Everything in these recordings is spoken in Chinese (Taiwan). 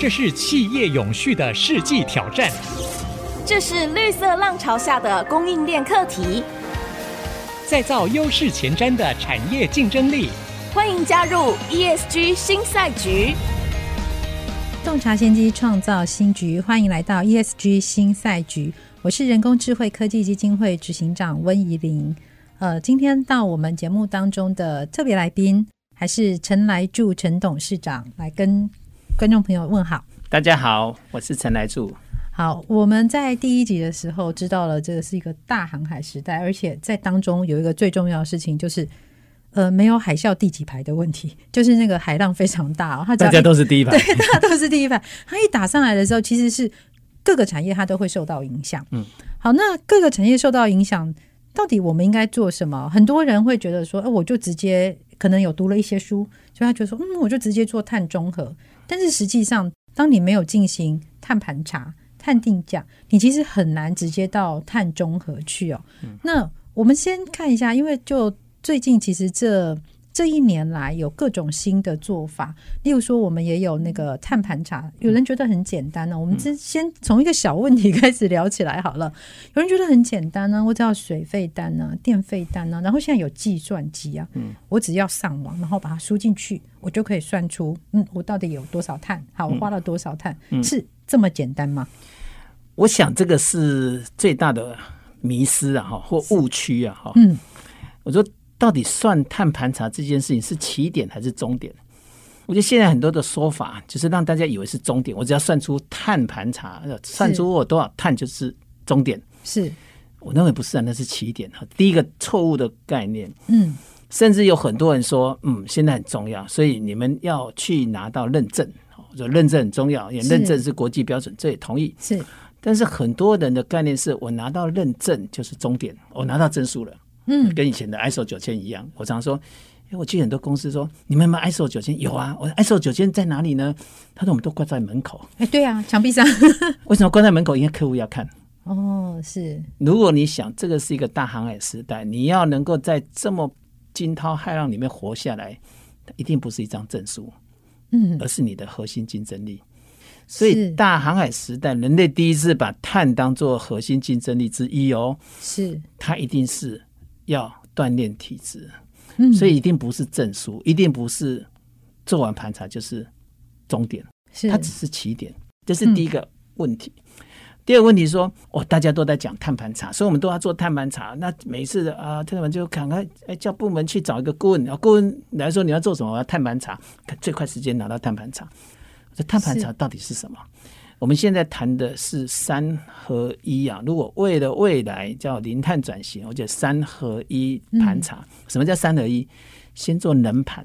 這是企業永續的世紀挑戰，這是綠色浪潮下的供應鏈課題，再造優勢前瞻的產業競爭力。歡迎加入 ESG 新賽局，洞察先機，創造新局。歡迎來到 ESG 新賽局，我是人工智慧科技基金會執行長溫怡玲。呃，今天到我們節目當中的特別來賓，還是陳來助陳董事長來跟。觀眾朋友問好，大家好，我是陳來助。好，我們在第一集的時候知道了，這個是一個大航海時代，而且在當中有一個最重要的事情，就是呃，沒有海嘯第幾排的問題，就是那個海浪非常大，它大家都是第一排，對，大家都是第一排。 它一打上來的時候，其實是各個產業它都會受到影響。嗯，好，那各個產業受到影響，到底我們應該做什麼？很多人會覺得說，誒、呃，我就直接可能有讀了一些書，所以他覺得說，嗯，我就直接做碳中和。但是實際上，當你沒有進行碳盤查、碳定價，你其實很難直接到碳中和去哦。嗯、那我們先看一下，因為就最近其實這。這一年來有各種新的做法，例如說我們也有那個碳盤查，有人覺得很簡單呢、啊嗯。我們先先從一個小問題開始聊起來好了。嗯、有人覺得很簡單呢、啊，我只要水費單、啊、電費單、啊、然後現在有計算機啊、嗯，我只要上網，然後把它輸進去，我就可以算出，嗯，我到底有多少碳？好，我花了多少碳？嗯嗯、是這麼簡單嗎？我想這個是最大的迷思啊，哈，或誤區啊，哈。嗯，哦、我說。到底算碳盤查這件事情是起點還是終點？我覺得現在很多的說法就是讓大家以為是終點。我只要算出碳盤查，算出我多少碳就是終點。是，我認為不是啊，那是起點啊。第一個錯誤的概念。嗯。甚至有很多人說，嗯，現在很重要，所以你們要去拿到認證，就認證很重要，也認證是國際標準，這也同意。是。但是很多人的概念是我拿到認證就是終點，我拿到證書了。嗯嗯，跟以前的 ISO 九千一樣，我常說，哎、欸，我去很多公司說，你們有沒有 ISO 九千？有啊，我說 ISO 九千在哪裡呢？他說我們都掛在門口。哎、欸，對啊，牆壁上。 為什麼掛在門口？因為客戶要看。哦，是。如果你想，這個是一個大航海時代，你要能夠在這麼驚濤駭浪裡面活下來，它一定不是一張證書，嗯，而是你的核心競爭力。嗯、所以，大航海時代，人類第一次把碳當做核心競爭力之一哦，是，它一定是。要鍛鍊體質，所以一定不是證書，一定不是做完盤查就是終點，嗯、它只是起點。這是第一個問題、嗯。第二個問題說，哦，大家都在講碳盤查，所以我們都要做碳盤查。那每次啊，他們就趕快，哎，叫部門去找一個顧問，然後顧問來說，你要做什麼？我要碳盤查，最快時間拿到碳盤查。這碳盤查到底是什麼？我們現在談的是三合一啊！如果為了未來叫零碳轉型，我覺得三合一盤查、嗯。什麼叫三合一？先做能盤，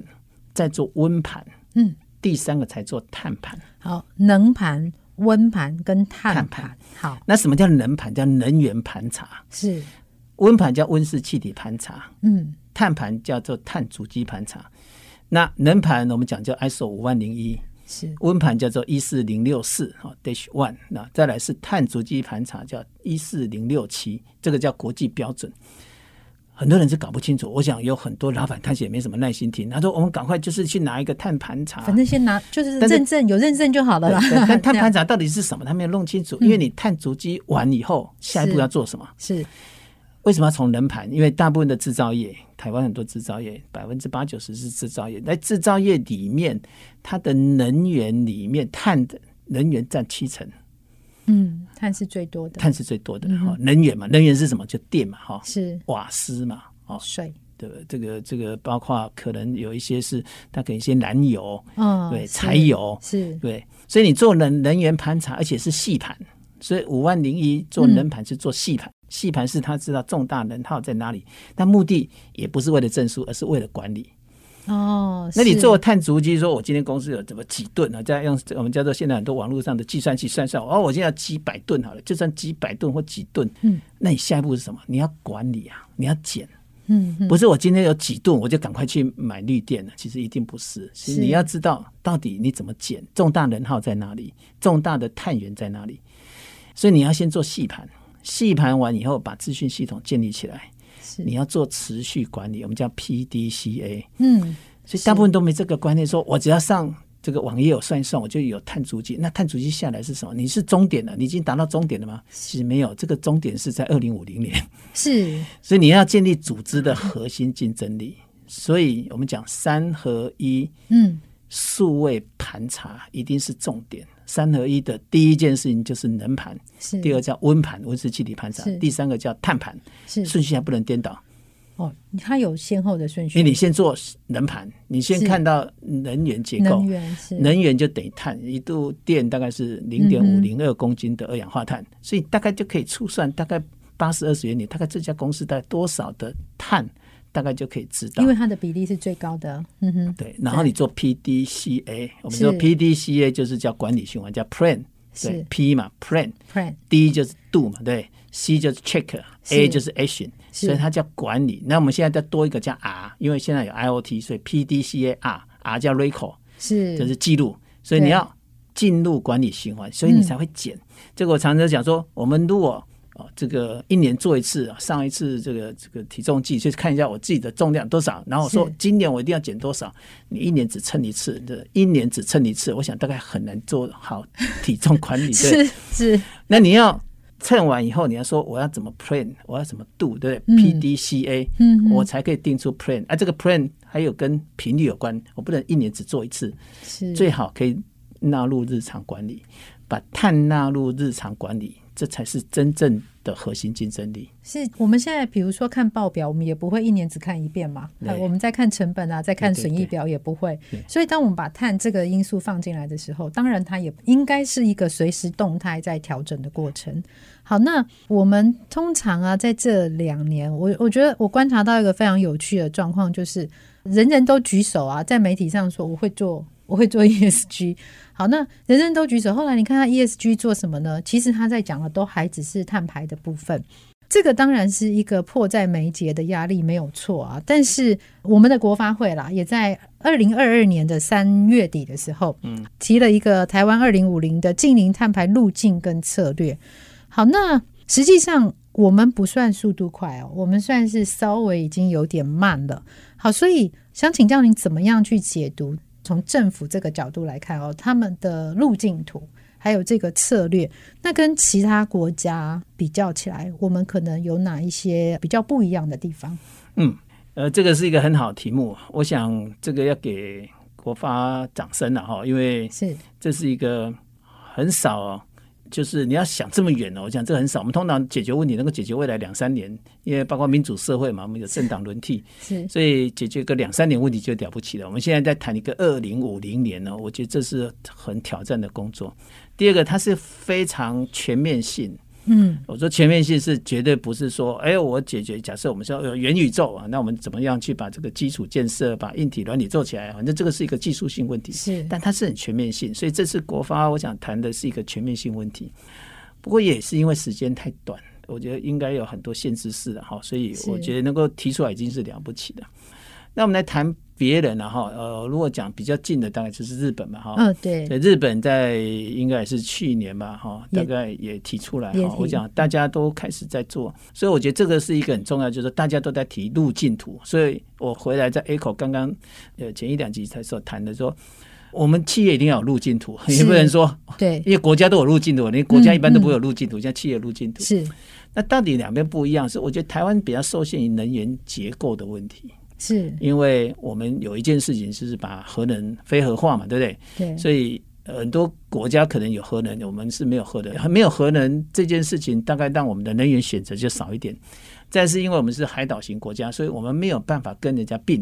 再做溫盤，嗯，第三個才做碳盤。好，能盤、溫盤跟碳盤，碳盤。好，那什麼叫能盤？叫能源盤查。是，溫盤叫溫室氣體盤查。嗯，碳盤叫做碳足跡盤查。那能盤我們講叫 ISO 五萬零一。是溫盤叫做一四零六四哈 dash one，那再來是碳足跡盤查叫一四零六七，這個叫國際標準，很多人是搞不清楚。我想有很多老板看起來沒什麼耐心聽，他說我們趕快就是去拿一個碳盤查，反正先拿就是認證是有認證就好了啦。但碳盤查到底是什麼？他沒有弄清楚，因為你碳足跡完以後、嗯，下一步要做什麼？是。是為什麼要從能盤？因為大部分的制造業，台灣很多制造業，百分之八九十是制造業。在制造業裡面，它的能源裡面碳的能源占七成。嗯，碳是最多的，碳是最多的哈、嗯哦。能源嘛，能源是什麼？就電嘛，哈、哦，是瓦斯嘛，哦，對，這個這個包括可能有一些是它給一些燃油，哦，對，柴油是對是，所以你做能能源盤查，而且是細盤，所以五萬零一做能盤是做細盤。嗯細盤是他知道重大能耗在哪裡，但目的也不是為了證書，而是為了管理。哦，那你做碳足跡，說我今天公司有怎麼幾噸啊？再用我們叫做現在很多網絡上的計算器算算，哦，我現在要幾百噸好了，就算幾百噸或幾噸，嗯，那你下一步是什麼？你要管理啊，你要減。嗯，嗯，不是我今天有幾噸，我就趕快去買綠電了，其實一定不是。你要知道到底你怎麼減，重大能耗在哪裡，重大的碳源在哪裡，所以你要先做細盤。細盤完以後，把資訊系統建立起來。是。你要做持續管理，我們叫 PDCA。嗯，所以大部分都沒這個觀念，說我只要上這個網頁，我算一算，我就有碳足跡。那碳足跡下來是什麼？你是終點了？你已經達到終點了嗎？是。其實沒有，這個終點是在二零五零年。是， 所以你要建立組織的核心競爭力。嗯，所以我們講三合一。嗯。數位盤查一定是重點。三合一的第一件事情就是能盤，第二叫溫盤，溫室氣體盤查，第三個叫碳盤，是順序還不能顛倒。哦，它有先後的順序。你先做能盤，你先看到能源結構，能源,能源就等於碳，一度電大概是零點五零二公斤的二氧化碳，嗯、所以大概就可以粗算大概八十二十元，你大概這家公司大概多少的碳。大概就可以知道，因為它的比例是最高的。嗯哼，對。然後你做 PDCA，我們說 PDCA 就是叫管理循環，是叫 Plan 對 P 嘛 Plan Plan D 就是 Do 嘛，對。C 就是 Check，A 就是 Action，是所以它叫管理。那我們現在再多一個叫 R，因為現在有 IOT，所以 PDCA R，R 叫 Record 是，就是記錄。所以你要進入管理循環，所以你才會減。嗯、這個我常常講說，我們如果啊、哦，這個一年做一次，上一次這個這個體重計去看一下我自己的重量多少，然後我說今年我一定要減多少。你一年只稱一次，對，一年只稱一次，我想大概很難做好體重管理。 是，對，是。那你要稱完以後，你要說我要怎麼 plan，我要怎麼 do，對不對？P D C A，嗯，我才可以定出 plan。哎、嗯啊，這個 plan 還有跟頻率有關，我不能一年只做一次，是最好可以納入日常管理，把碳納入日常管理。這才是真正的核心競爭力。是我們現在比如說看報表，我們也不會一年只看一遍嘛。啊，我們在看成本啊，在看損益表也不會。對對對。所以，當我們把碳這個因素放進來的時候，當然它也應該是一個隨時動態在調整的過程。好，那我們通常啊，在這兩年，我我覺得我觀察到一個非常有趣的狀況，就是人人都舉手啊，在媒體上說我會做。我會做 ESG，好，那人人都舉手。後來你看他 ESG 做什麼呢？其實他在講的都還只是碳排的部分，這個當然是一個迫在眉睫的壓力，沒有錯啊。但是我們的國發會啦，也在二零二二年的三月底的時候，嗯，提了一個台灣二零五零的淨零碳排路徑跟策略。好，那實際上我們不算速度快哦，我們算是稍微已經有點慢了。好，所以想請教您怎麼樣去解讀？從政府這個角度來看哦，他們的路徑圖還有這個策略，那跟其他國家比較起來，我們可能有哪一些比較不一樣的地方？嗯，呃，這個是一個很好的題目，我想這個要給國發掌聲了，哈，因為是這是一個很少、哦。就是你要想這麼遠呢、哦，我講這個很少。我們通常解決問題能夠解決未來兩三年，因為包括民主社會嘛，我們有政黨輪替，所以解決個兩三年問題就了不起了。我們現在在談一個二零五零年呢、哦，我覺得這是很挑戰的工作。第二個，它是非常全面性。嗯，我說全面性是絕對不是說，哎，我解決。假設我們說有元宇宙啊，那我們怎麼樣去把這個基礎建設、把硬體、軟體做起來？反正這個是一個技術性問題，是，但它是很全面性。所以這次國發，我想談的是一個全面性問題。不過也是因為時間太短，我覺得應該有很多限制式的，好，所以我覺得能夠提出來已經是了不起的。那我們來談。別人然、啊、後呃，如果講比較近的，大概就是日本嘛，哈。嗯，對。日本在應該也是去年吧，哈，大概也提出來。哈，我講大家都開始在做，所以我覺得這個是一個很重要，就是大家都在提路徑圖。所以我回來在 A 口剛剛呃前一兩集才說談的說，我們企業一定要有路徑圖，也不能說對，因為國家都有路徑圖，你國家一般都不會有路徑圖，像、嗯嗯、企業路徑圖是。那到底兩邊不一樣是？我覺得台灣比較受限於能源結構的問題。是，因為我們有一件事情，就是把核能非核化嘛，對不對？對，所以很多國家可能有核能，我們是沒有核能，沒有核能這件事情，大概讓我們的能源選擇就少一點。但是因為我們是海島型國家，所以我們沒有辦法跟人家併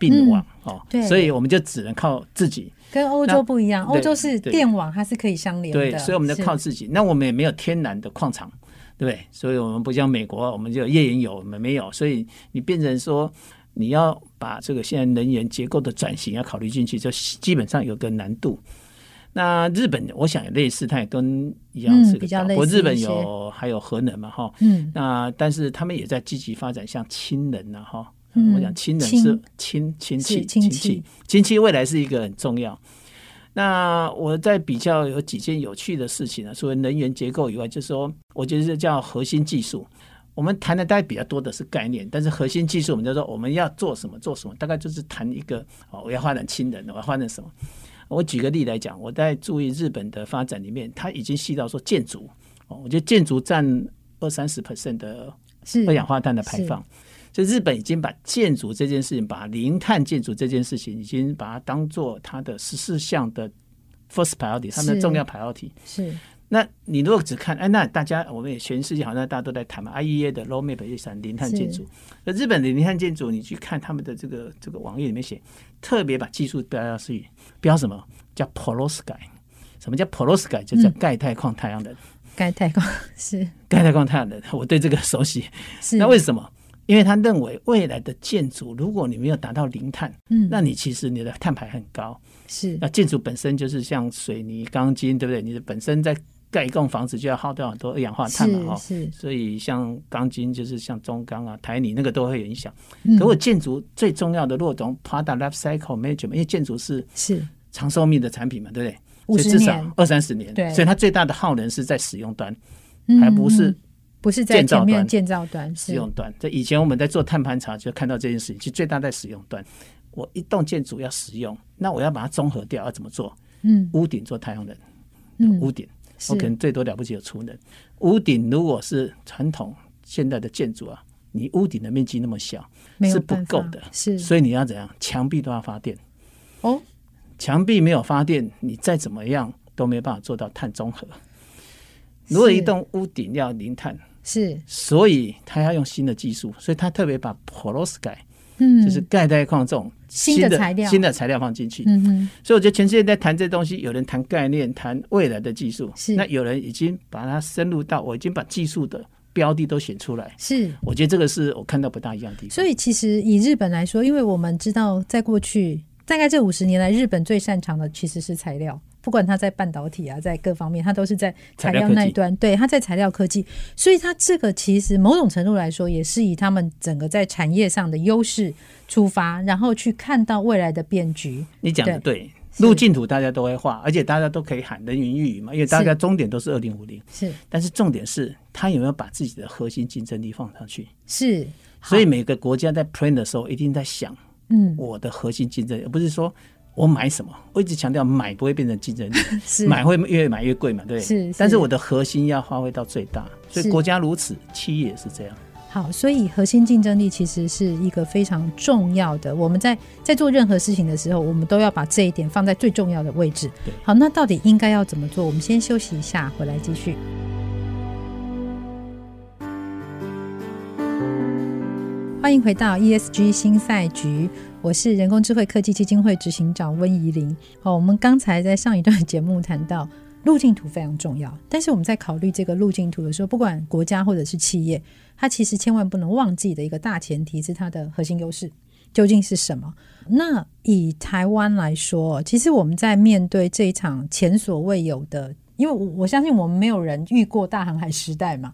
併網、嗯、哦，所以我們就只能靠自己。跟歐洲不一樣，歐洲是電網，它是可以相連的，對，所以我們就靠自己。那我們也沒有天然的礦場，對不對？所以我們不像美國，我們有頁岩油，我們沒有，所以你變成說。你要把這個現在能源結構的轉型要考慮進去，就基本上有個難度。那日本我想也類似，它也跟一樣是個島、嗯、比較類似。我日本有還有核能嘛，哈，嗯，那但是他們也在積極發展像氫能啊，哈、嗯，我想氫能是氫氫氣氫氣氫氣，氫氣氫氣未來是一個很重要。那我在比較有幾件有趣的事情啊，除了能源結構以外，就是說我覺得這叫核心技術。我們談的大概比較多的是概念，但是核心技術，我們就是說我們要做什麼，做什麼，大概就是談一個哦，我要發展氫能，我要發展什麼？我舉個例來講，我在注意日本的發展裡面，它已經細到說建築哦，我覺得建築佔二三十 percent 的二氧化碳的排放，所以日本已經把建築這件事情，把零碳建築這件事情，已經把它當做它的十四項的 first priority，它們的重要 priority 是。是那你如果只看哎，那大家我們也全世界好像大家都在談嘛，IEA 的 Road Map 一三零碳建築。那日本的零碳建築，你去看他們的這個這個網頁裡面寫，特別把技術標要去，標什麼叫 Perovskite，什麼叫 Perovskite 就叫鈣鈦礦太陽能、嗯。鈣鈦礦是鈣鈦礦太陽能，我對這個熟悉。那為什麼？因為他認為未來的建築，如果你沒有達到零碳，嗯，那你其實你的碳排很高。是，那建築本身就是像水泥、鋼筋，對不對？你的本身在蓋一棟房子就要耗掉很多二氧化碳嘛，哦，所以像鋼筋就是像中鋼啊、台泥那個都會影響。嗯、可我建築最重要的落種，Product Life Cycle Management 因為建築是是長壽命的產品嘛，對不對？所以至少二三十年。所以它最大的耗能是在使用端，嗯、還不是不是在建造端，面建造端使用端。在以前我們在做碳盤查就看到這件事情，其實最大在使用端。我一棟建築要使用，那我要把它綜合掉，要怎麼做？嗯、屋頂做太陽能，嗯，屋頂。我可能最多了不起的儲能，屋頂如果是傳統現代的建築啊，你屋頂的面積那麼小，是不夠的，是，所以你要怎樣？牆壁都要發電，哦，牆壁沒有發電，你再怎麼樣都沒辦法做到碳中和。如果一棟屋頂要零碳，是，所以他要用新的技術，所以他特別把 perovskite 嗯，就是鈣鈦礦這種。新的，新的材料，新的材料放進去。嗯嗯，所以我覺得全世界在談這東西，有人談概念，談未來的技術。是，那有人已經把它深入到，我已經把技術的標的都選出來。是，我覺得這個是我看到不大一樣的地方。所以其實以日本來說，因為我們知道，在過去大概這五十年來，日本最擅長的其實是材料。不管他在半導體啊，在各方面，他都是在材料那一端。對，他在材料科技，所以他這個其實某種程度來說，也是以他們整個在產業上的優勢出發，然後去看到未來的變局。你講的對，對路徑圖大家都會畫，而且大家都可以喊人云亦云、云嘛，因為大家終點都是二零五零。是，但是重點是他有沒有把自己的核心競爭力放上去？是，所以每個國家在 plan 的時候一定在想，嗯，我的核心競爭力、嗯、也不是說。我買什麼？我一直強調，買不會變成競爭力，買會越買越貴嘛，對，是，是。但是我的核心要發揮到最大，所以國家如此，企業也是這樣。好，所以核心競爭力其實是一個非常重要的。我們在在做任何事情的時候，我們都要把這一點放在最重要的位置。好，那到底應該要怎麼做？我們先休息一下，回來繼續。歡迎回到 ESG 新賽局。我是人工智慧科技基金會執行長溫怡玲。好，我們剛才在上一段節目談到路徑圖非常重要，但是我們在考慮這個路徑圖的時候，不管國家或者是企業，它其實千萬不能忘記的一個大前提是它的核心優勢究竟是什麼。那以台灣來說，其實我們在面對這一場前所未有的，因為我我相信我們沒有人遇過大航海時代嘛。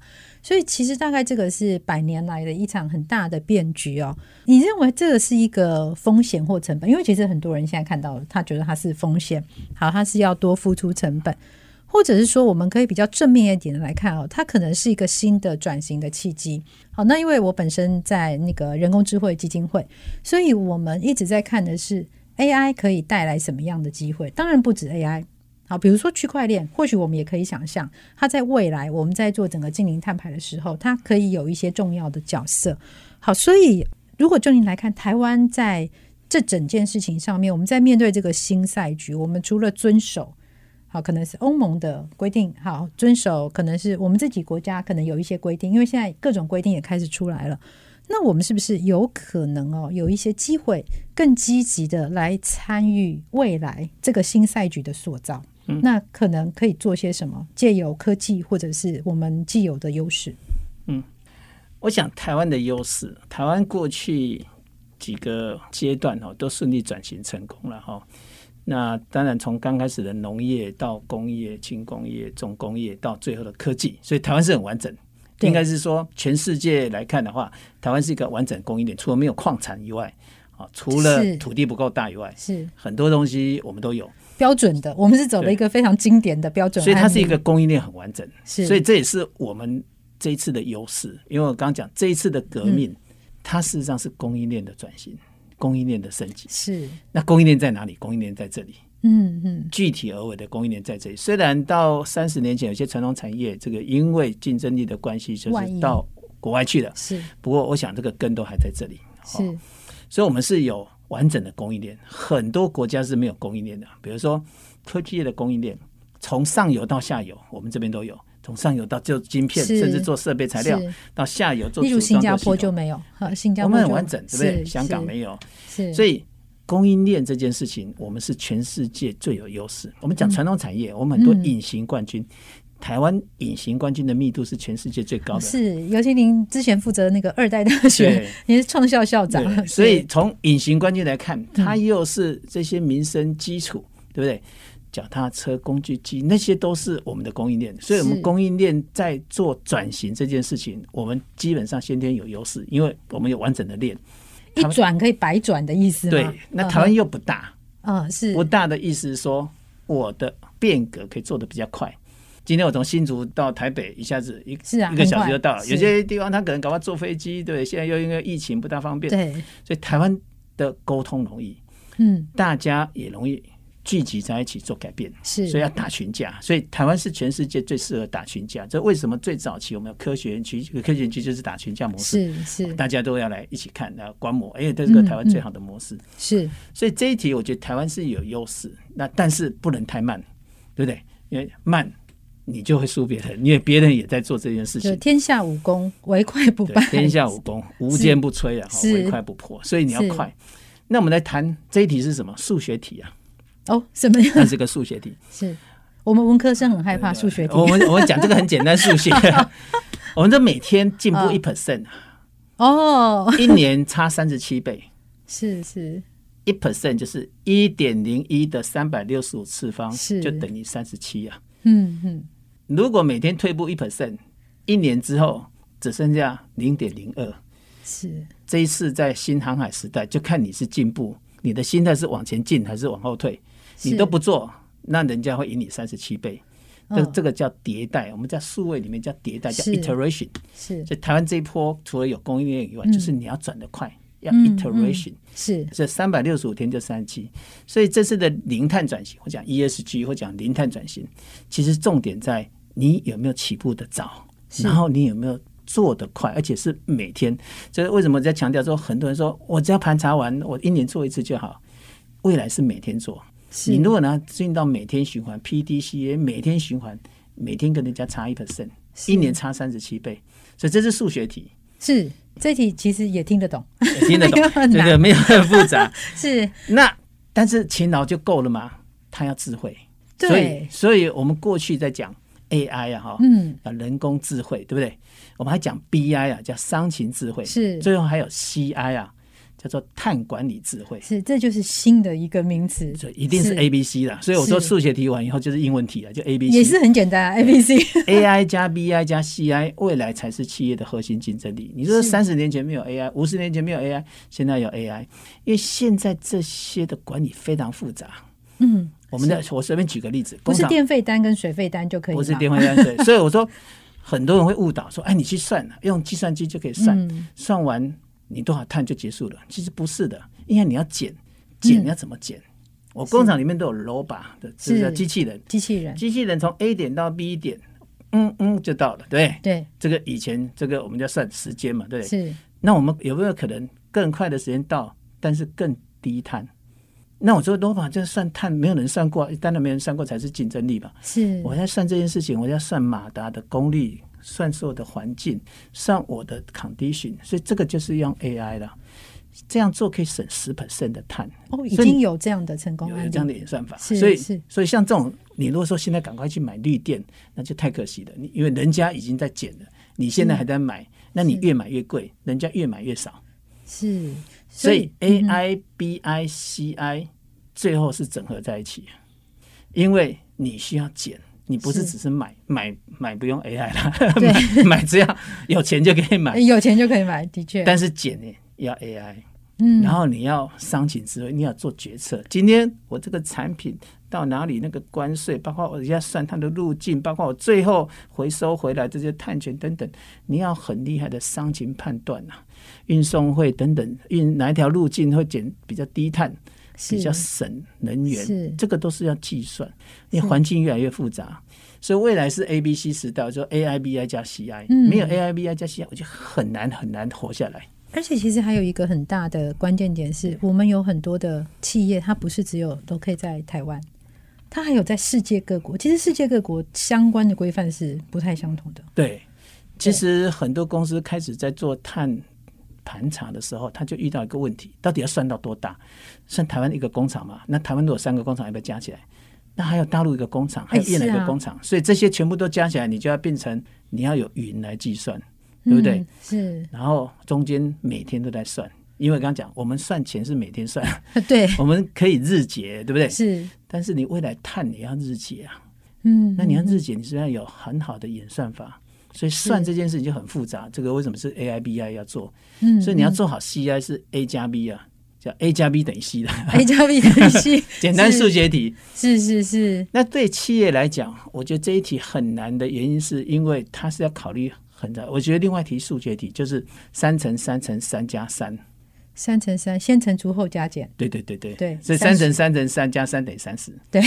所以其實大概這個是百年來的一場很大的變局哦。你認為這個是一個風險或成本？因為其實很多人現在看到，他覺得它是風險，好，它是要多付出成本，或者是說我們可以比較正面一點的來看哦，它可能是一個新的轉型的契機。好，那因為我本身在那個人工智慧基金會，所以我們一直在看的是 AI 可以帶來什麼樣的機會，當然不止 AI。好，比如說區塊鏈，或許我們也可以想象，它在未來我們在做整個淨零碳排的時候，它可以有一些重要的角色。好，所以如果就您來看，台灣在這整件事情上面，我們在面對這個新賽局，我們除了遵守，好，可能是歐盟的規定，好，遵守可能是我們自己國家可能有一些規定，因為現在各種規定也開始出來了，那我們是不是有可能哦，有一些機會更積極的來參與未來這個新賽局的塑造？嗯、那可能可以做些什麼？借由科技或者是我們既有的優勢。嗯，我想台灣的優勢，台灣過去幾個階段哦，都順利轉型成功了哈。那當然從剛開始的農業到工業、輕工業、重工業到最後的科技，所以台灣是很完整。對，應該是說全世界來看的話，台灣是一個完整的供應鏈，除了沒有礦產以外。啊，除了土地不夠大以外，是，是很多東西我們都有標準的。我們是走了一個非常經典的標準，所以它是一個供應鏈很完整。是，所以這也是我們這一次的優勢。因為我剛講這一次的革命，嗯、它事實上是供應鏈的轉型，供應鏈的升級。是。那供應鏈在哪裡？供應鏈在這裡。嗯嗯。具體而為的供應鏈在這裡。雖然到三十年前有些傳統產業，這個因為競爭力的關係，就是到國外去了。是。不過我想這個根都還在這裡。是。哦所以，我們是有完整的供應鏈，很多國家是沒有供應鏈的。比如說，科技業的供應鏈，從上游到下游，我們這邊都有。從上游到做晶片，甚至做設備材料，到下游做組裝，例如新加坡就沒有，新加坡沒有，我們很完整，對不對？香港沒有，所以供應鏈這件事情，我們是全世界最有優勢。我們講傳統產業，我們很多隱形冠軍。嗯嗯台灣隱形冠軍的密度是全世界最高的，是尤其您之前負責的那個二代大學，您是創校校長，所以從隱形冠軍來看，它、嗯、又是這些民生基礎，對不對？腳踏車、工具機那些都是我們的供應鏈，所以我們供應鏈在做轉型這件事情，我們基本上先天有優勢，因為我們有完整的鏈，一轉可以白轉的意思嗎？對，那台灣又不大，啊、嗯嗯，是不大的意思是說，說我的變革可以做得比較快。今天我從新竹到台北，一下子一一個小時就到了。啊、有些地方他可能趕快坐飛機，對，現在又因為疫情不大方便，對。所以台灣的溝通容易，嗯，大家也容易聚集在一起做改變，是。所以要打群架，所以台灣是全世界最適合打群架。這為什麼最早期我們有科學園區，科學園區就是打群架模式，是是，大家都要來一起看，然後觀摩，哎，這是個台灣最好的模式，嗯嗯、是。所以這一題，我覺得台灣是有優勢，那但是不能太慢，對不對？因為慢。你就會輸別人，因為別人也在做這件事情。天下武功，唯快不敗。天下武功，無堅不摧啊，唯快不破。所以你要快。那我們來談這一題是什麼？數學題啊。哦，什麼呀？那是個數學題。是，我們文科生很害怕數學題。對對對，我，我們我們講這個很簡單，數 學。我們這每天進步一 percent，哦，一年差三十七倍。是、哦、是，一 percent 就是一點零一的三百六十五次方，是就等於三十七啊。嗯嗯。如果每天退步一 percent，一年之後只剩下零點零二。是這一次在新航海時代，就看你是進步，你的心態是往前進還是往後退。你都不做，那人家會贏你三十七倍。這、哦、這個叫迭代，我們在數位裡面叫迭代，叫 iteration 是。是，所以台灣這一波除了有供應鏈以外、嗯，就是你要轉得快，嗯、要 iteration、嗯嗯。是，這三百六十五天就三十七。所以這次的零碳轉型，我講 ESG，或講零碳轉型，其實重點在。你有沒有起步的早？然後你有沒有做得快？而且是每天。所以為什麼在強調說，很多人說我只要盤查完，我一年做一次就好。未來是每天做。你如果能進到每天循環，P D C A 每天循環，每天跟人家差一 percent，一年差三十七倍。所以這是數學題。是這題其實也聽得懂，也聽得懂，這 個沒，沒有很複雜。 是那但是勤勞就夠了嘛，他要智慧。對。所以，所以我們過去在講。AI 啊，哈，嗯，人工智慧、嗯，對不對？我們還講 BI 啊，叫商情智慧，是。最後還有 CI 啊，叫做碳管理智慧，是。這就是新的一個名詞，所以一定是 ABC 啦。所以我說數學題完以後就是英文題了，就 ABC 也是很簡單啊，ABC，AI 加 BI 加 CI，未來才是企業的核心競爭力。你說三十年前沒有 AI，五十年前沒有 AI，現在有 AI，因為現在這些的管理非常複雜，嗯。我們的我隨便舉個例子，工廠不是電費單跟水費單就可以。不是電費單對 所以我說很多人會誤導說，哎，你去算，用計算機就可以算，嗯、算完你多少碳就結束了。其實不是的，因為你要減減，你要怎麼減、嗯？我工廠裡面都有 robot 的，是、就是、叫機器人，機器人，機器人從 A 點到 B 點，嗯嗯，就到了。對對，這個以前這個我們叫算時間嘛，對對？是。那我們有沒有可能更快的時間到，但是更低碳？那我說，多跑就算碳，沒有人算過，啊，當然沒有人算過才是競爭力吧。是，我在算這件事情，我要算馬達的功率，算所有的環境，算我的 condition，所以這個就是用 AI 了。這樣做可以省10%的碳。哦，已經有這樣的成功了，有這樣的演算法，是是。所以，所以像這種，你如果說現在趕快去買綠電，那就太可惜了。你因為人家已經在減了，你現在還在買，那你越買越貴，人家越買越少。是。所以，所以 A I、嗯、B I C I 最後是整合在一起，因為你需要減，你不是只是買是買買不用 A I 了 買，買只要有錢就可以買，有錢就可以買，的確，但是減呢、欸、要 A I。嗯，然後你要商情之後，你要做決策。今天我這個產品到哪裡，那個關稅，包括我人家算它的路徑，包括我最後回收回來這些碳權等等，你要很厲害的商情判斷啊，運送會等等，運哪一條路徑會減比較低碳，比較省能源，這個都是要計算。因為環境越來越複雜，所以未來是 A B C 時代，我就 A I B I 加 C I，、嗯、沒有 A I B I 加 C I，我就很難很難活下來。而且其實還有一個很大的關鍵點是我們有很多的企業，它不是只有都可以在台灣，它還有在世界各國。其實世界各國相關的規範是不太相同的。對，其實很多公司開始在做碳盤查的時候，它就遇到一個問題：到底要算到多大？算台灣一個工廠嘛？那台灣都有三個工廠，要不要加起來？那還有大陸一個工廠，還有越南一個工廠、欸啊，所以這些全部都加起來，你就要變成你要有雲來計算。對不對、嗯？是。然後中間每天都在算，因為剛剛講我們算錢是每天算，啊、對，我們可以日結，對不對？是。但是你未來碳你要日結啊，嗯，那你要日結，你是要上有很好的演算法，嗯、所以算這件事情就很複雜。這個為什麼是 A I B I 要做？嗯，所以你要做好 C I 是 A 加 B 啊，叫 A 加 B 等於 C 的，A 加 B 等於 C， A 加 B 等於 C 簡單數學題。是是是，是。那對企業來講，我覺得這一題很難的原因，是因為它是要考慮。很早，我覺得另外一題數學題就是3乘3乘3 3三乘三乘三加三，三乘三先乘除後加減。對對對對，對，30，所以三乘三乘三加三等於三十。對，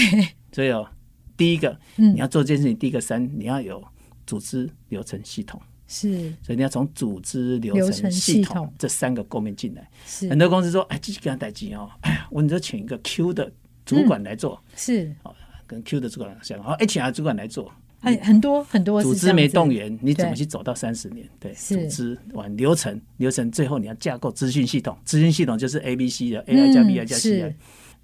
所以哦，第一個，嗯，你要做這件事情，第一個三，你要有組織流程系統。是，所以你要從組織流程系統，程系統這三個構面進來。是，很多公司說，哎，繼續給他帶急哦，哎呀，我你就請一個 Q 的主管來做，嗯、是，哦，跟 Q 的主管講，哦，HR 主管來做。很很多很多組織沒動員，你怎麼去走到三十年？對，對組織完流程，流程最後你要架構資訊系統，資訊系統就是 A B C 的 A I 加 B I 加 C I。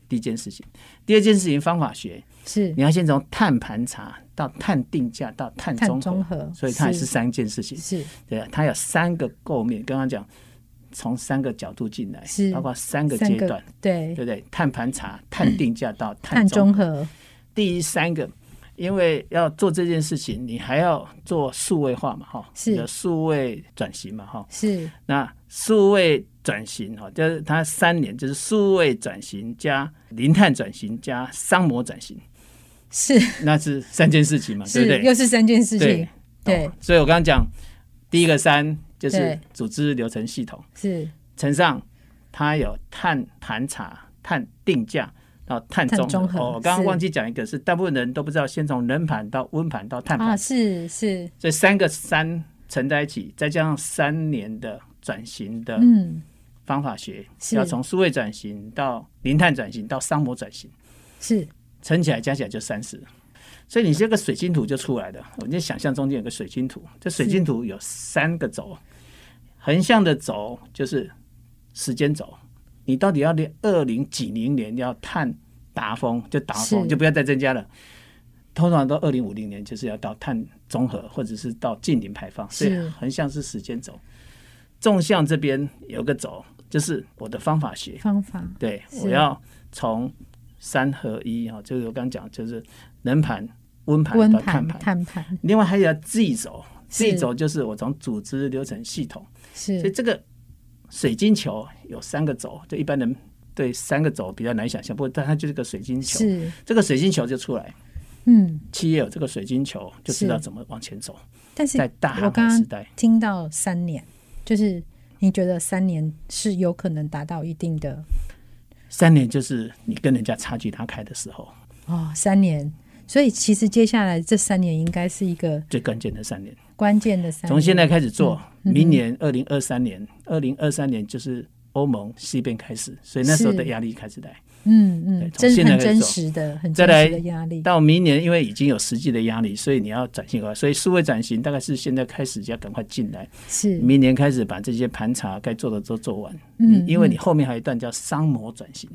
第一件事情，第二件事情方法學是，你要先從碳盤查到碳定價到碳中，碳中和，所以它也是三件事情。是，對啊，它有三個構面，剛剛講從三個角度進來，是，包括三個階段，對對不對？碳盤查、碳定價到碳中和，嗯，碳中和。第三個。因為要做這件事情，你還要做數位化嘛，哈，是的數位轉型嘛，哈，是。那數位轉型哈，就是它三年，就是數位轉型加零碳轉型加商模轉型，是，那是三件事情嘛，對不對？又是三件事情，對。對哦，所以我剛剛講第一個三就是組織流程系統，是。乘上它有碳盤查、碳定價。啊，碳中和、哦。我剛剛忘記講一個是大部分人都不知道，先從人盤到溫盤到碳盤是是，這、啊、三個三乘在一起，再加上三年的轉型的方法學，嗯、要從數位轉型到零碳轉型到商模轉型，是乘起來加起來就三十，所以你這個水晶圖就出來了。我就想象中間有個水晶圖，這水晶圖有三個軸，橫向的軸就是時間軸。你到底要到二零幾零年，年要碳達峰，就達峰就不要再增加了。通常到二零五零年就是要到碳中和，或者是到淨零排放。所以橫向是時間軸，縱向這邊有個軸，就是我的方法學方法。對，我要從三合一哈，就是我剛剛講，就是能盤、溫盤到碳盤。碳盤。另外還有要 G 軸，G 軸就是我從組織、流程、系統。是。所以這個。水晶球有三個軸，就一般人對三個軸比較難想象，不過但它就是個水晶球，是這個水晶球就出來，嗯，企業有這個水晶球就知道怎麼往前走。是，但是在大我剛剛聽到三年，就是你覺得三年是有可能達到一定的？三年就是你跟人家差距拉開的時候哦，三年，所以其實接下來這三年應該是一個最關鍵的三年，關鍵的三年，從現在開始做。嗯明年二零二三年，二零二三年就是歐盟西邊開始，所以那時候的壓力開始來。嗯嗯，真的很真實的，很真實的壓力。到明年，因為已經有實際的壓力，所以你要轉型了。所以數位轉型大概是現在開始就要趕快進來。是，明年開始把這些盤查該做的都做完。嗯，因為你後面還有一段叫商模轉型。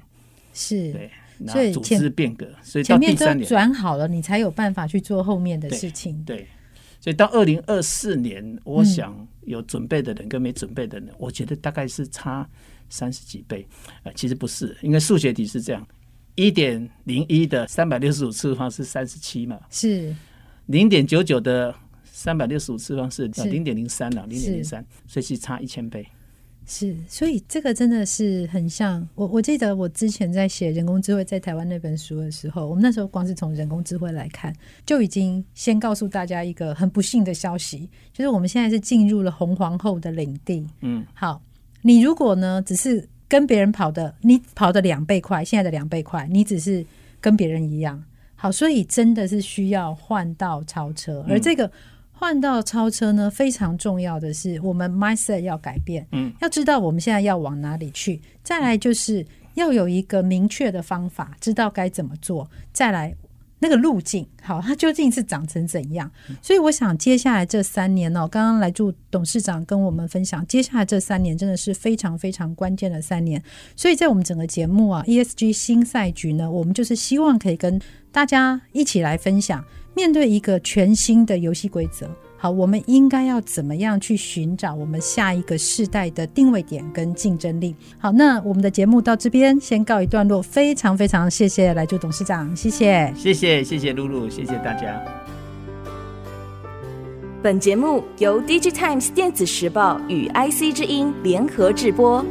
是，對，然後組織變革，所以到第三年轉好了，你才有辦法去做後面的事情。對。對所以到二零二四年，我想有準備的人跟沒準備的人，嗯，我覺得大概是差三十幾倍。呃，其實不是，因為數學題是這樣：一點零一的三百六十五次方是三十七嘛？是零點九九的三百六十五次方是零點零三了，零點零三，所以是差一千倍。是，所以這個真的是很像我。我記得我之前在寫《人工智慧在台灣》那本書的時候，我們那時候光是從人工智慧來看，就已經先告訴大家一個很不幸的消息，就是我們現在是進入了紅皇後的領地。嗯，好，你如果呢只是跟別人跑的，你跑的兩倍快，現在的兩倍快，你只是跟別人一樣。好，所以真的是需要換道超車，而這個。嗯換道超車呢，非常重要的是，我們 mindset 要改變，嗯，要知道我們現在要往哪裡去。再來就是要有一個明確的方法，知道該怎麼做。再來那個路徑，好，它究竟是長成怎樣？所以我想接下來這三年呢，剛剛來助董事長跟我們分享，接下來這三年真的是非常非常關鍵的三年。所以在我們整個節目啊，ESG 新賽局呢，我們就是希望可以跟大家一起來分享。面對一個全新的遊戲規則，好，我們應該要怎麼樣去尋找我們下一個世代的定位點跟競爭力？好，那我們的節目到這邊先告一段落，非常非常謝謝來助董事長，謝謝，謝謝謝謝露露，謝謝大家。本節目由《DigiTimes》電子時報與《IC 之音》聯合製播。